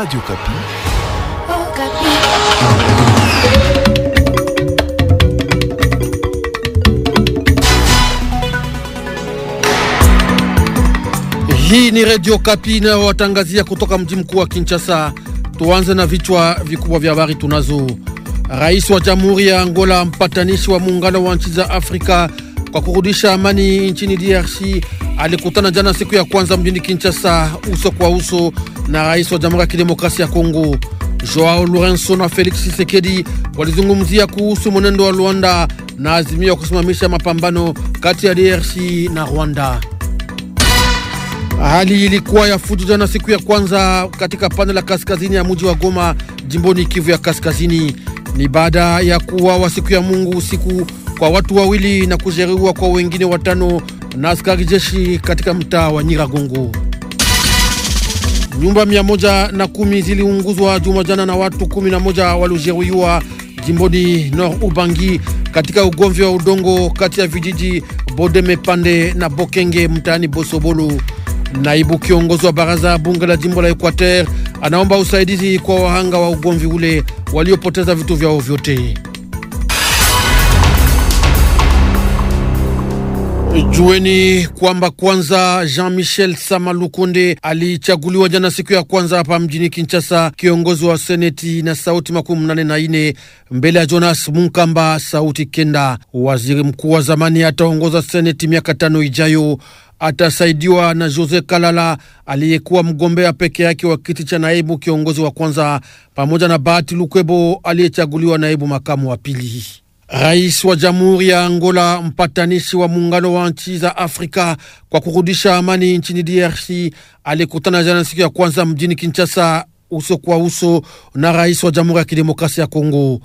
Radio Kapi. Oh, Kapi. Hii ni Radio Kapi inayowatangazia kutoka mji mkuu wa Kinshasa. Tuanze na vichwa vikubwa vya habari tunazo. Rais wa Jamhuri ya Angola, mpatanishi wa muungano wa nchi za Afrika kwa kurudisha amani nchini DRC alikutana jana siku ya kwanza mjini Kinshasa uso kwa uso na rais wa Jamhuri ya Kidemokrasia ya Kongo. Joao Lourenco na Felix Tshisekedi walizungumzia kuhusu mwenendo wa Luanda na azimio kusimamisha mapambano kati ya DRC na Rwanda. Hali ilikuwa ya fujo jana siku ya kwanza katika pande la kaskazini ya mji wa Goma jimboni Kivu ya Kaskazini. Ni baada ya wa siku ya Mungu usiku kwa watu wawili na kujeruhiwa kwa wengine watano na askari jeshi katika mtaa wa Nyiragongo. Nyumba mia moja na kumi ziliunguzwa juma jana na watu kumi na moja waliojeruhiwa jimboni Nord Ubangi katika ugomvi wa udongo kati ya vijiji Bodeme Pande na Bokenge mtaani Bosobolo. Naibu kiongozi wa baraza bunge la jimbo la Equateur anaomba usaidizi kwa wahanga wa ugomvi ule waliopoteza vitu vyao vyote. Jueni kwamba kwanza Jean-Michel Sama Lukonde alichaguliwa jana siku ya kwanza hapa mjini Kinshasa, kiongozi wa seneti na sauti makumi mnane na ine mbele ya Jonas Munkamba sauti kenda. Waziri mkuu wa zamani ataongoza seneti miaka tano ijayo, atasaidiwa na Jose Kalala aliyekuwa mgombea peke yake wa kiti cha naibu kiongozi wa kwanza, pamoja na Bahati Lukwebo aliyechaguliwa naibu makamu wa pili. Rais wa Jamhuri ya Angola, mpatanishi wa muungano wa nchi za Afrika kwa kurudisha amani nchini DRC, alikutana jana siku ya kwanza mjini Kinshasa uso kwa uso na rais wa Jamhuri ya Kidemokrasia ya Kongo.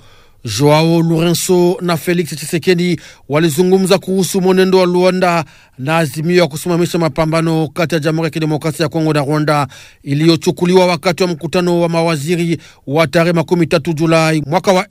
Joao Lourenco na Felix chisekedi walizungumza kuhusu mwenendo wa Luanda na azimio ya kusimamisha mapambano kati ya Jamhuri ya Kidemokrasia ya Kongo na Rwanda iliyochukuliwa wakati wa mkutano wa mawaziri wa tarehe tatu Julai mwaka wa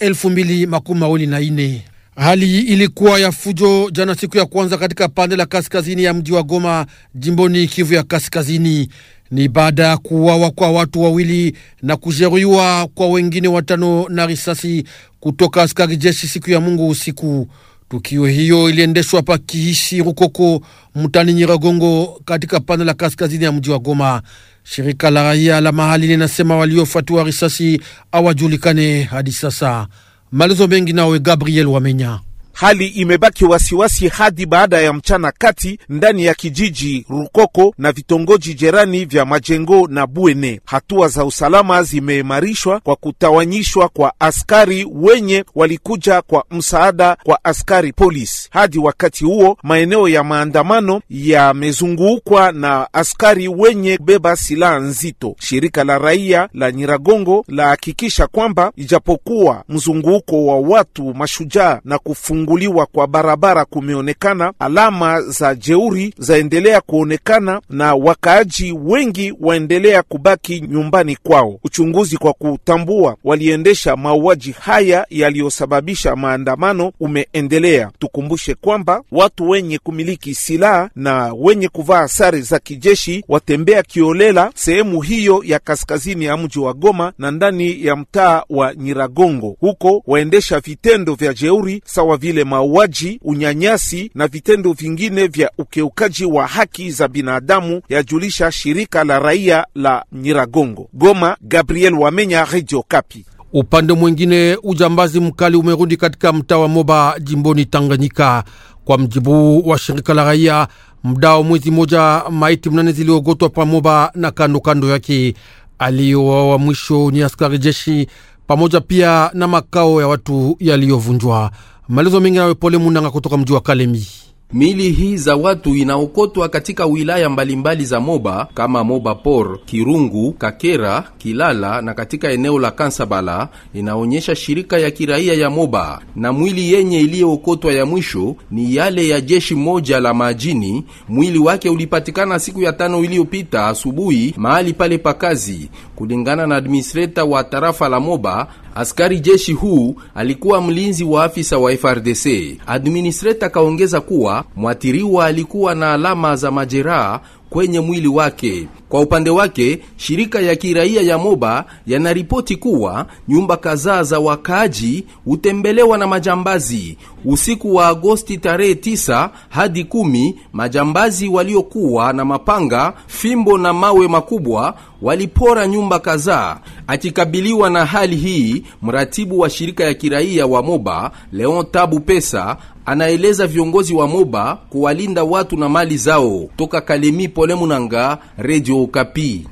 ine. Hali ilikuwa ya fujo jana siku ya kwanza katika pande la kaskazini ya mji wa Goma, jimboni Kivu ya Kaskazini ni baada ya kuuawa kwa watu wawili na kujeruhiwa kwa wengine watano na risasi kutoka askari jeshi siku ya Mungu usiku. Tukio hiyo iliendeshwa pa Kiishi Rukoko, mtani Nyiragongo, katika pande la kaskazini ya mji wa Goma. Shirika la raia la mahali linasema waliofuatiwa risasi hawajulikane hadi sasa. Malizo mengi nawe Gabriel Wamenya. Hali imebaki wasiwasi hadi baada ya mchana kati ndani ya kijiji Rukoko na vitongoji jirani vya Majengo na Bwene. Hatua za usalama zimeimarishwa kwa kutawanyishwa kwa askari wenye walikuja kwa msaada kwa askari polisi. Hadi wakati huo, maeneo ya maandamano yamezungukwa na askari wenye kubeba silaha nzito. Shirika la raia la Nyiragongo lahakikisha kwamba ijapokuwa mzunguko wa watu mashujaa na kufungua kufunguliwa kwa barabara kumeonekana, alama za jeuri zaendelea kuonekana na wakaaji wengi waendelea kubaki nyumbani kwao. Uchunguzi kwa kutambua waliendesha mauaji haya yaliyosababisha maandamano umeendelea. Tukumbushe kwamba watu wenye kumiliki silaha na wenye kuvaa sare za kijeshi watembea kiolela sehemu hiyo ya kaskazini ya mji wa Goma na ndani ya mtaa wa Nyiragongo, huko waendesha vitendo vya jeuri sawa vile vile mauaji, unyanyasi na vitendo vingine vya ukiukaji wa haki za binadamu, yajulisha shirika la raia la Nyiragongo. Goma, Gabriel Wamenya, Radio Kapi. Upande mwingine, ujambazi mkali umerudi katika mtaa wa Moba jimboni Tanganyika. Kwa mjibu wa shirika la raia, mdao mwezi moja maiti mnane ziliogotwa pamoba na kando kando yake. Aliyowawa mwisho ni askari jeshi pamoja pia na makao ya watu yaliyovunjwa. Maelezo mengi nawe Pole Munanga kutoka mji wa Kalemi. Mili hii za watu inaokotwa katika wilaya mbalimbali za Moba kama Moba Por, Kirungu, Kakera, Kilala na katika eneo la Kansabala, inaonyesha shirika ya kiraia ya Moba. Na mwili yenye iliyookotwa ya mwisho ni yale ya jeshi moja la majini. Mwili wake ulipatikana siku ya tano iliyopita asubuhi mahali pale pa kazi. Kulingana na administreta wa tarafa la Moba, Askari jeshi huu alikuwa mlinzi wa afisa wa FRDC. Administrator kaongeza kuwa mwathiriwa alikuwa na alama za majeraha kwenye mwili wake. Kwa upande wake, shirika ya kiraia ya Moba yanaripoti kuwa nyumba kadhaa za wakaaji hutembelewa na majambazi. Usiku wa Agosti tarehe 9 hadi 10, majambazi waliokuwa na mapanga, fimbo na mawe makubwa walipora nyumba kadhaa. Akikabiliwa na hali hii, mratibu wa shirika ya kiraia wa Moba Leon Tabu Pesa anaeleza viongozi wa Moba kuwalinda watu na mali zao. Toka Kalemi, Pole Munanga, Radio Okapi.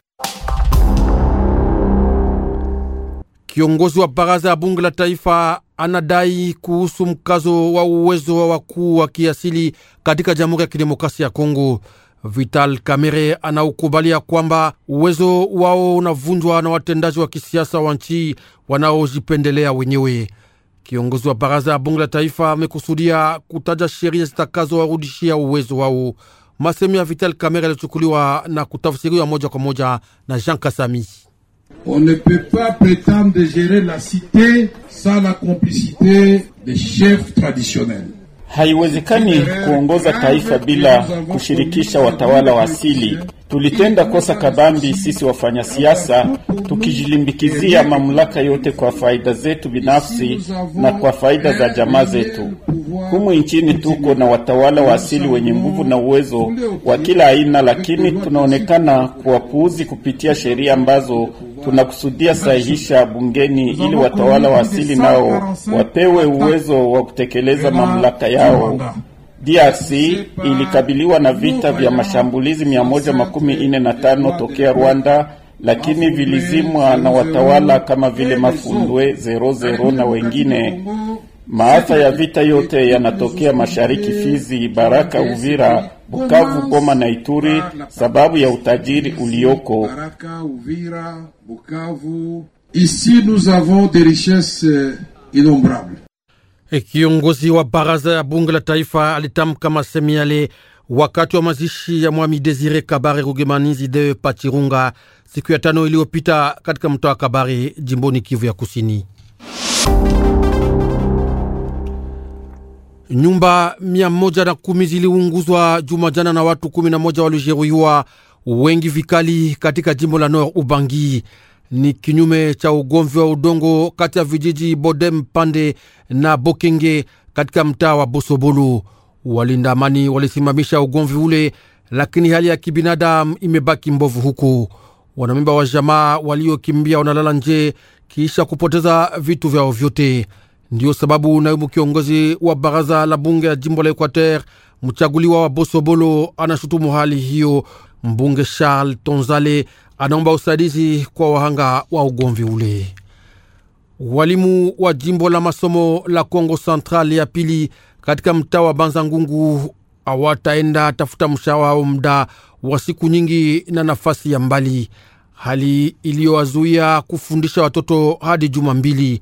Kiongozi wa baraza ya bunge la taifa anadai kuhusu mkazo wa uwezo wa wakuu wa kiasili katika Jamhuri ya Kidemokrasia ya Kongo. Vital Kamerhe anaukubalia kwamba uwezo wao unavunjwa na watendaji wa kisiasa wa nchi wanaojipendelea wenyewe. Kiongozi wa baraza ya bunge la taifa amekusudia kutaja sheria zitakazowarudishia uwezo wao. Masemi ya Vital Kamera yalichukuliwa na kutafsiriwa moja kwa moja na Jean Kasami. On ne peut pas prétendre de gérer la cité sans la complicité des chefs traditionnels Haiwezekani kuongoza taifa bila kushirikisha watawala wa asili. Tulitenda kosa kadhambi sisi wafanyasiasa, tukijilimbikizia mamlaka yote kwa faida zetu binafsi na kwa faida za jamaa zetu. Humu nchini tuko na watawala wa asili wenye nguvu na uwezo wa kila aina, lakini tunaonekana kuwapuuzi kupitia sheria ambazo tunakusudia sahihisha bungeni ili watawala wa asili nao wapewe uwezo wa kutekeleza mamlaka yao. DRC ilikabiliwa na vita vya mashambulizi 145 tokea Rwanda, lakini vilizimwa na watawala kama vile Mafundwe 00 na wengine. Maafa ya vita yote yanatokea mashariki, Fizi, Baraka, Uvira Bukavu, Goma na Ituri ah, sababu ya utajiri ulioko. Kiongozi wa baraza ya bunge la taifa alitamka masemi yale wakati wa mazishi ya mwami Desire Kabare Rugemanizi de Pachirunga siku ya tano iliyopita katika mtaa wa Kabare, jimboni Kivu ya Kusini. Nyumba mia moja na kumi ziliunguzwa na watu kumi na moja walijeruhiwa wengi vikali katika jimbo la Nord Ubangi. Ni kinyume cha ugomvi wa udongo kati ya vijiji Bodem Pande na Bokenge katika mtaa wa Bosobolu. Walinda amani walisimamisha ugomvi ule, lakini hali ya kibinadamu imebaki mbovu huku. Wanamemba wa jamaa waliokimbia wanalala nje kisha kupoteza vitu vyao vyote. Ndiyo sababu naibu kiongozi wa baraza la bunge ya jimbo la Equateur mchaguliwa wa Bosobolo anashutumu hali hiyo. Mbunge Charles Tonzale anaomba usaidizi kwa wahanga wa ugomvi ule. Walimu wa jimbo la masomo la congo Central ya pili katika mtaa wa Banza Ngungu awataenda tafuta mshahara wao muda wa siku nyingi na nafasi ya mbali, hali iliyowazuia kufundisha watoto hadi juma mbili.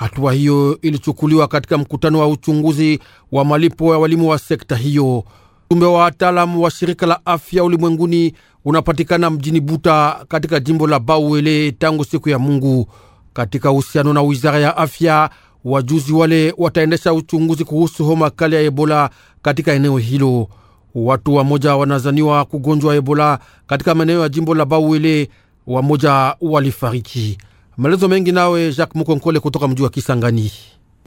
Hatua hiyo ilichukuliwa katika mkutano wa uchunguzi wa malipo ya walimu wa sekta hiyo. Ujumbe wa wataalamu wa shirika la afya ulimwenguni unapatikana mjini Buta katika jimbo la Bauele tangu siku ya Mungu. Katika uhusiano na wizara ya afya, wajuzi wale wataendesha uchunguzi kuhusu homa kali ya Ebola katika eneo hilo. Watu wamoja wanazaniwa kugonjwa Ebola katika maeneo ya jimbo la Bauele, wamoja walifariki. Maelezo mengi nawe Jacques Mukonkole kutoka mji wa Kisangani.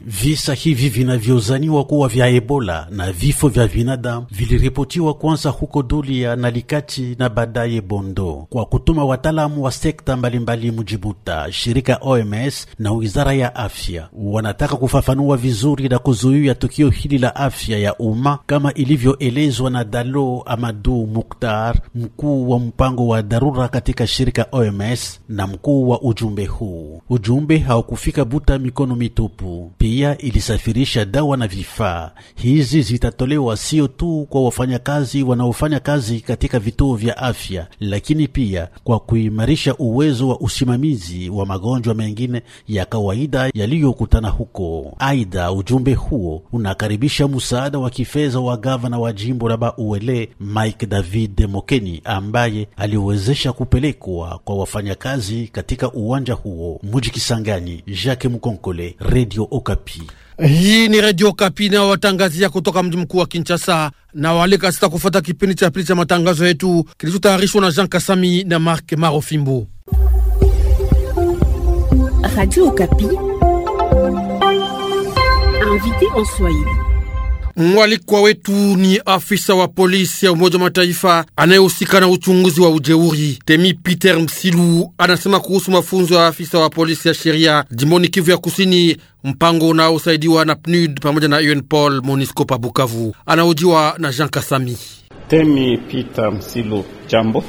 Visa hivi vinavyozaniwa kuwa vya Ebola na vifo vya binadamu viliripotiwa kwanza huko Dulia na Likati na baadaye Bondo, kwa kutuma wataalamu wa sekta mbalimbali Mujibuta. Shirika OMS na wizara ya afya wanataka kufafanua vizuri na kuzuia tukio hili la afya ya umma, kama ilivyoelezwa na Dalo Amadu Muktar, mkuu wa mpango wa dharura katika shirika OMS na mkuu wa ujumbe huu. Ujumbe haukufika Buta mikono mitupu raia ilisafirisha dawa na vifaa. Hizi zitatolewa sio tu kwa wafanyakazi wanaofanya kazi katika vituo vya afya, lakini pia kwa kuimarisha uwezo wa usimamizi wa magonjwa mengine ya kawaida yaliyokutana huko. Aidha, ujumbe huo unakaribisha msaada wa kifedha wa gavana wa jimbo la Bauele Mike David Mokeni ambaye aliwezesha kupelekwa kwa wafanyakazi katika uwanja huo. Muji Kisangani, Jacques Mkonkole, Radio Okapi. Kapi. Hii ni radio Kapi inayowatangazia kutoka mji mkuu wa Kinshasa na waalika sita kufuata kipindi cha pili cha matangazo yetu kilichotayarishwa na Jean Kasami na Mark Marofimbo. Radio Kapi invité en Swahili Mwalikwa wetu ni afisa wa polisi ya Umoja wa Mataifa anayehusika na uchunguzi wa ujeuri Temi Peter Msilu anasema kuhusu mafunzo ya afisa wa polisi ya sheria jimboni Kivu ya Kusini, mpango unaosaidiwa na PNUD pamoja na UNPOL MONUSCO pa Bukavu. Anaojiwa na Jean Kasami. Temi Peter Msilu, jambo.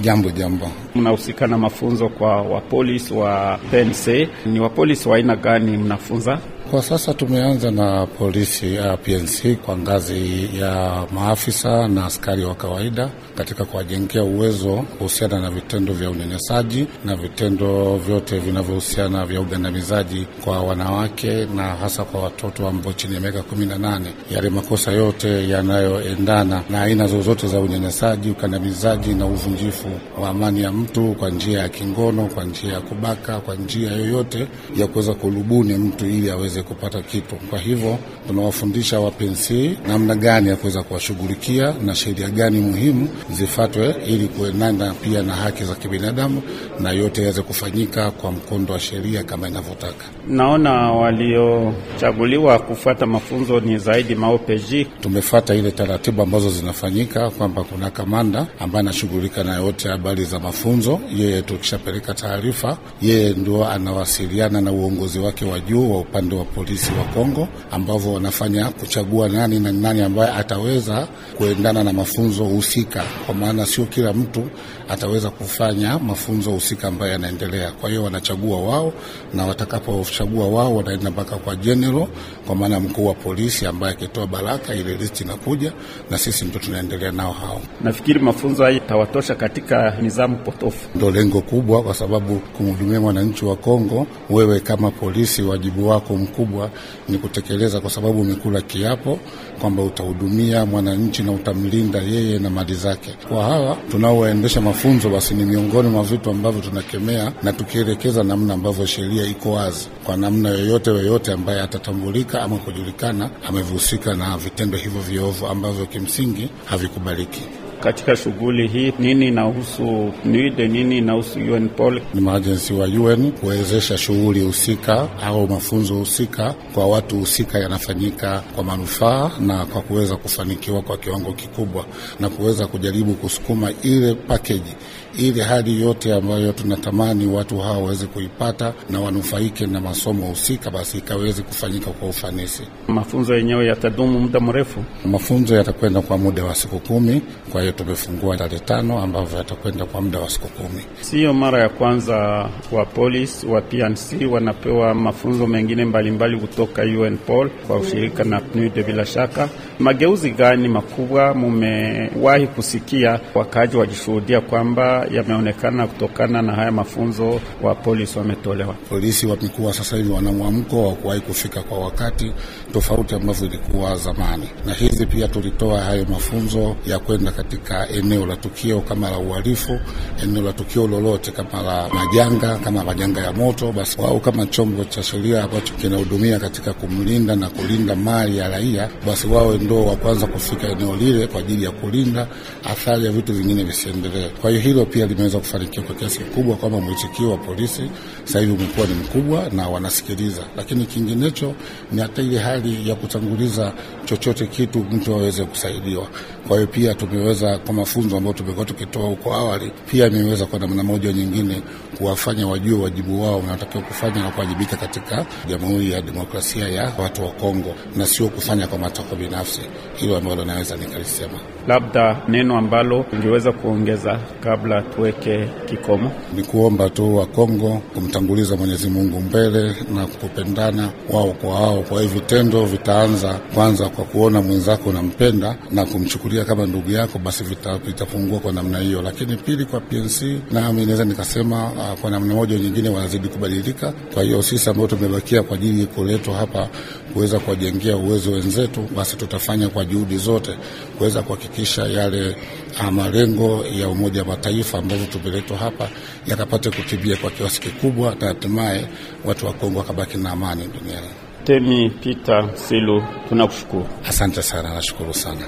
Jambo jambo. Mnahusika na mafunzo kwa wapolisi wa PNC, ni wapolisi wa aina gani mnafunza? Kwa sasa tumeanza na polisi ya uh, PNC kwa ngazi ya maafisa na askari wa kawaida katika kuwajengea uwezo kuhusiana na vitendo vya unyanyasaji na vitendo vyote vinavyohusiana vya ugandamizaji kwa wanawake na hasa kwa watoto ambao chini ya miaka kumi na nane, yale makosa yote yanayoendana na aina zozote za unyanyasaji, ukandamizaji na uvunjifu wa amani ya mtu kwa njia ya kingono, kwa njia ya kubaka, kwa njia yoyote ya kuweza kulubuni mtu ili aweze waweze kupata kitu. Kwa hivyo tunawafundisha wapensi namna gani ya kuweza kuwashughulikia na sheria gani muhimu zifatwe ili kuendana pia na haki za kibinadamu na yote yaweze kufanyika kwa mkondo wa sheria kama inavyotaka. Naona waliochaguliwa kufuata mafunzo ni zaidi maopg Tumefata ile taratibu ambazo zinafanyika kwamba kuna kamanda ambaye anashughulika na yote habari za mafunzo. Yeye tukishapeleka taarifa, yeye ndio anawasiliana na uongozi wake wa juu wa upande wa polisi wa Kongo ambavyo wanafanya kuchagua nani na nani ambaye ataweza kuendana na mafunzo husika, kwa maana sio kila mtu ataweza kufanya mafunzo husika ambayo yanaendelea. Kwa hiyo wanachagua wao, na watakapochagua wao wanaenda mpaka kwa general, kwa maana mkuu wa polisi ambaye akitoa baraka, ile listi inakuja na sisi ndio tunaendelea nao hao. Nafikiri mafunzo haya tawatosha katika nizamu potofu, ndio lengo kubwa, kwa sababu kumhudumia mwananchi wa Kongo, wewe kama polisi, wajibu wako mkuu kubwa ni kutekeleza, kwa sababu umekula kiapo kwamba utahudumia mwananchi na utamlinda yeye na mali zake. Kwa hawa tunaoendesha mafunzo, basi ni miongoni mwa vitu ambavyo tunakemea na tukielekeza namna ambavyo sheria iko wazi kwa namna yoyote yoyote ambaye atatambulika ama kujulikana amehusika na vitendo hivyo viovu ambavyo kimsingi havikubaliki katika shughuli hii. Nini inahusu NIDE, nini inahusu UNPOL? Ni maajensi wa UN kuwezesha shughuli husika au mafunzo husika kwa watu husika, yanafanyika kwa manufaa na kwa kuweza kufanikiwa kwa kiwango kikubwa na kuweza kujaribu kusukuma ile pakeji ili hali yote ambayo tunatamani watu hawa waweze kuipata na wanufaike na masomo husika, basi ikaweze kufanyika kwa ufanisi. Mafunzo yenyewe yatadumu muda mrefu, mafunzo yatakwenda kwa muda wa siku kumi. Kwa hiyo tumefungua tarehe tano ambavyo yatakwenda kwa muda wa siku kumi. Siyo mara ya kwanza wa polisi wa PNC wanapewa mafunzo mengine mbalimbali kutoka UNPOL kwa ushirika na PNUD. Bila shaka, mageuzi gani makubwa mumewahi kusikia wakaaji wajishuhudia kwamba yameonekana kutokana na haya mafunzo wa polisi wametolewa. Polisi wamekuwa sasa hivi wana mwamko wa kuwahi kufika kwa wakati tofauti ambavyo ilikuwa zamani, na hivi pia tulitoa hayo mafunzo ya kwenda katika eneo la tukio kama la uhalifu, eneo la tukio lolote kama la majanga, kama majanga ya moto, basi wao kama chombo cha sheria ambacho kinahudumia katika kumlinda na kulinda mali ya raia, basi wao ndio wa kwanza kufika eneo lile kwa ajili ya kulinda athari ya vitu vingine visiendelee. Kwa hiyo hilo pia limeweza kufanikiwa kwa kiasi kikubwa, kwamba mwitikio wa polisi sasa hivi umekuwa ni mkubwa na wanasikiliza. Lakini kinginecho ni hata ile hali ya kutanguliza chochote kitu mtu aweze kusaidiwa. Kwa hiyo pia tumeweza kwa mafunzo ambayo tumekuwa tukitoa huko awali, pia imeweza kwa namna moja nyingine kuwafanya wajue wajibu wao wanatakiwa kufanya na kuwajibika katika Jamhuri ya Demokrasia ya Watu wa Kongo na sio kufanya kwa matakwa binafsi. Hilo ambalo naweza nikalisema, labda neno ambalo ungeweza kuongeza kabla tuweke kikomo. Ni kuomba tu wa Kongo kumtanguliza Mwenyezi Mungu mbele na kupendana wao kwa wao. Kwa hiyo vitendo vitaanza kwanza kwa kuona mwenzako unampenda na kumchukulia kama ndugu yako, basi vitapungua kwa namna hiyo. Lakini pili, kwa PNC nami naweza nikasema ah, kwa namna moja nyingine wanazidi kubadilika. Kwa hiyo sisi ambao tumebakia kwa ajili kuletwa hapa kuweza kuwajengea uwezo wenzetu, basi tutafanya kwa juhudi zote kuweza kuhakikisha yale Ah, malengo ya Umoja wa Mataifa ambazo tumeletwa hapa yakapate kutibia kwa kiasi kikubwa, na hatimaye watu wa Kongo wakabaki na amani duniani. Temi Peter Silu, tunakushukuru. Asante sana, nashukuru sana.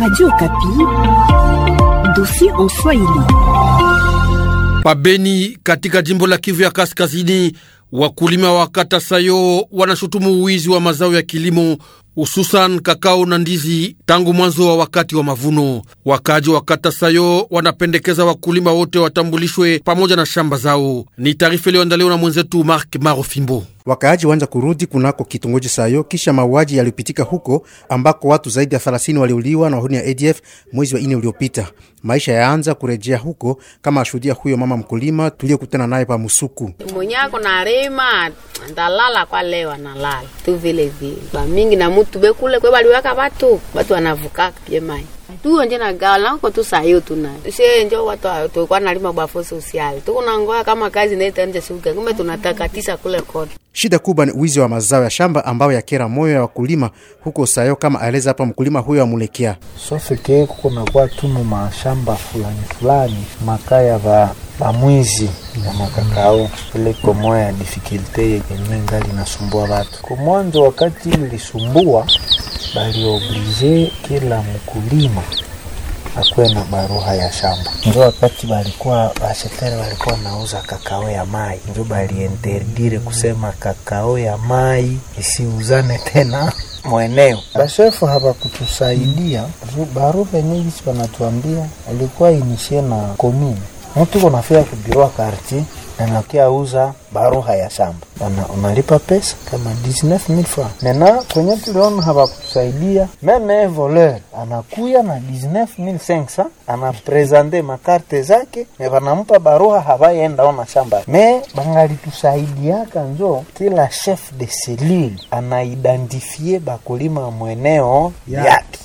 Radio Kapi, dosi en Swahili. Pabeni katika jimbo la Kivu ya Kaskazini Wakulima wa kata Sayo wanashutumu uwizi wa mazao ya kilimo hususan kakao na ndizi tangu mwanzo wa wakati wa mavuno. Wakaji wa kata Sayo wanapendekeza wakulima wote watambulishwe pamoja na shamba zao. Ni taarifa iliyoandaliwa na mwenzetu Mark Marofimbo. Wakaaji waanza kurudi kunako kitongoji Sayo kisha mauaji yaliyopitika huko ambako watu zaidi ya 30 waliuliwa na wahuni ya ADF mwezi wa ine uliopita. Maisha yaanza kurejea huko, kama ashuhudia huyo mama mkulima tuliyokutana naye pa Musuku. Mwenyako na rema ndalala kwa leo analala tu vile vile. Ba mingi na mtu bekule kwa baliwaka watu, watu wanavukaka pia mai tuonje na tu tuna watu bafo kama kazi kumbe tunataka tisa kule Shida kubwa ni wizi wa mazao ya shamba ambayo yakera moyo ya wakulima huko Sayo, kama aeleza hapa mkulima huyo amulekea sofike kuko nakuwa tumu mashamba fulani fulani makaya va bamwizi na makakao ile komoya ya difikilte yenye ngali nasumbua watu komonjo, wakati ilisumbua balioblize kila mkulima akuwe na baruha ya shamba. Njo wakati balikuwa basheteri walikuwa nauza kakao ya mai, njo baliinterdire kusema kakao ya mai isiuzane tena mweneo. Bashefu habakutusaidia baruha nyingi banatuambia alikuwa inishie na komini, mtu kunafia kubiroa karti Anakia uza baruha ya shamba unalipa pesa kama 19000 francs. Nena kwenye tuliona hawakutusaidia meme voleur anakuya na 19500 ah. anaprezante makarte zake ne vanampa baruha hawaenda ona shamba me bangalitusaidiaka njo kila chef de selile anaidentifie bakulima mweneo yake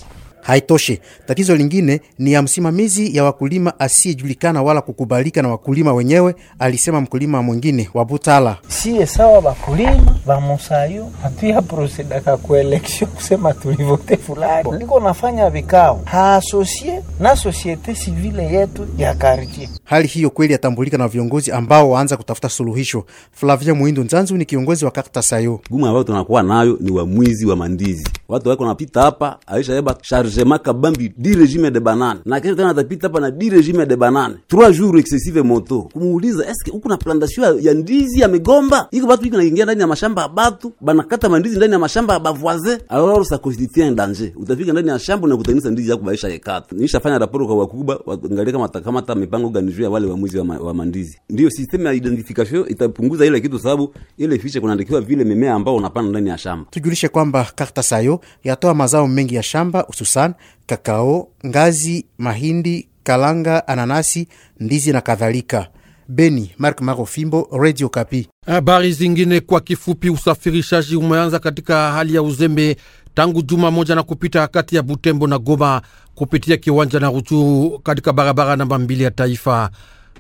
haitoshi. Tatizo lingine ni ya msimamizi ya wakulima asiyejulikana wala kukubalika na wakulima wenyewe, alisema mkulima mwingine wa Butala. Siye sawa bakulima bamusayo hatuya prosedaka ku election kusema tulivote fulani, liko nafanya vikao haasosie na societe civile yetu ya kartie Hali hiyo kweli yatambulika na viongozi ambao waanza kutafuta suluhisho. Flavia Muhindo Nzanzu ni kiongozi wa kata Sayo. Gumu ambayo tunakuwa nayo ni wamwizi wa mandizi, watu wako wanapita hapa aisha eba chargema kabambi di regime de banane na kesho tena atapita hapa na di regime de banane trois jours excessive moto kumuuliza, eske huku na plantation ya ndizi ya migomba iko batu iko naingia ndani ya mashamba ya batu banakata mandizi ndani ya mashamba ya bavoise, alors ça constitue un danger. Utafika ndani ya shamba na kutengeneza ndizi yako baisha yekata. Nishafanya raporo kwa wakubwa, waangalie kama kama mipango gani kuzuia wale waamuzi wa, ma, wa mandizi. Ndio system ya identification itapunguza ile kitu, sababu ile ficha kunaandikiwa vile mimea ambao unapanda ndani ya shamba. Tujulishe kwamba karta sayo yatoa mazao mengi ya shamba, hususan kakao, ngazi, mahindi, kalanga, ananasi, ndizi na kadhalika. Beni, Mark Maro Fimbo, Radio Kapi. Habari zingine kwa kifupi. Usafirishaji umeanza katika hali ya uzembe tangu juma moja na kupita kati ya Butembo na Goma kupitia kiwanja na Ruchuru katika barabara namba mbili ya taifa.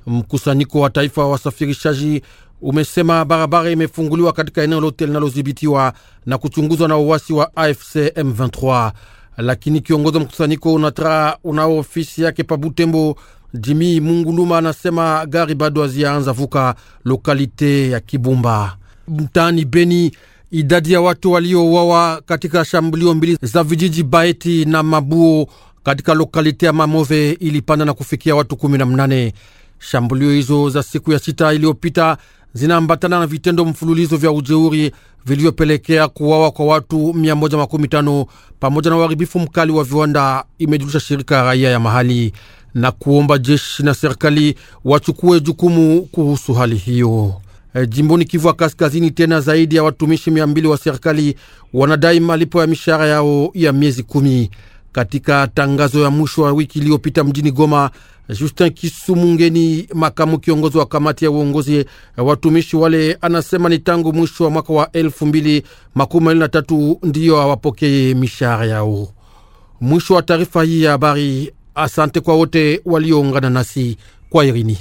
Mkusanyiko wa taifa wa wasafirishaji umesema barabara imefunguliwa katika eneo lote linalodhibitiwa na kuchunguzwa na uwasi wa AFC M23, lakini kiongozi wa mkusanyiko unatra unao ofisi yake pa Butembo, Jimi Munguluma, anasema gari bado haziyaanza vuka lokalite ya Kibumba mtaani Beni idadi ya watu waliouawa katika shambulio mbili za vijiji Baeti na Mabuo katika lokalite ya Mamove ilipanda na kufikia watu 18. Shambulio hizo za siku ya sita iliyopita zinaambatana na vitendo mfululizo vya ujeuri vilivyopelekea kuwawa kwa watu 115 pamoja na uharibifu mkali wa viwanda, imejulisha shirika ya raia ya mahali na kuomba jeshi na serikali wachukue jukumu kuhusu hali hiyo. E, jimboni Kivu ya Kaskazini, tena zaidi ya watumishi mia mbili wa serikali wanadai malipo ya mishahara yao ya miezi kumi. Katika tangazo ya mwisho wa wiki iliyopita mjini Goma, Justin Kisumungeni, makamu kiongozi wa kamati ya uongozi eh, watumishi wale, anasema ni tangu mwisho wa mwaka wa elfu mbili makumi mbili na tatu ndiyo hawapokee mishahara yao. Mwisho wa taarifa hii ya habari. Asante kwa wote walioungana nasi kwa Irini.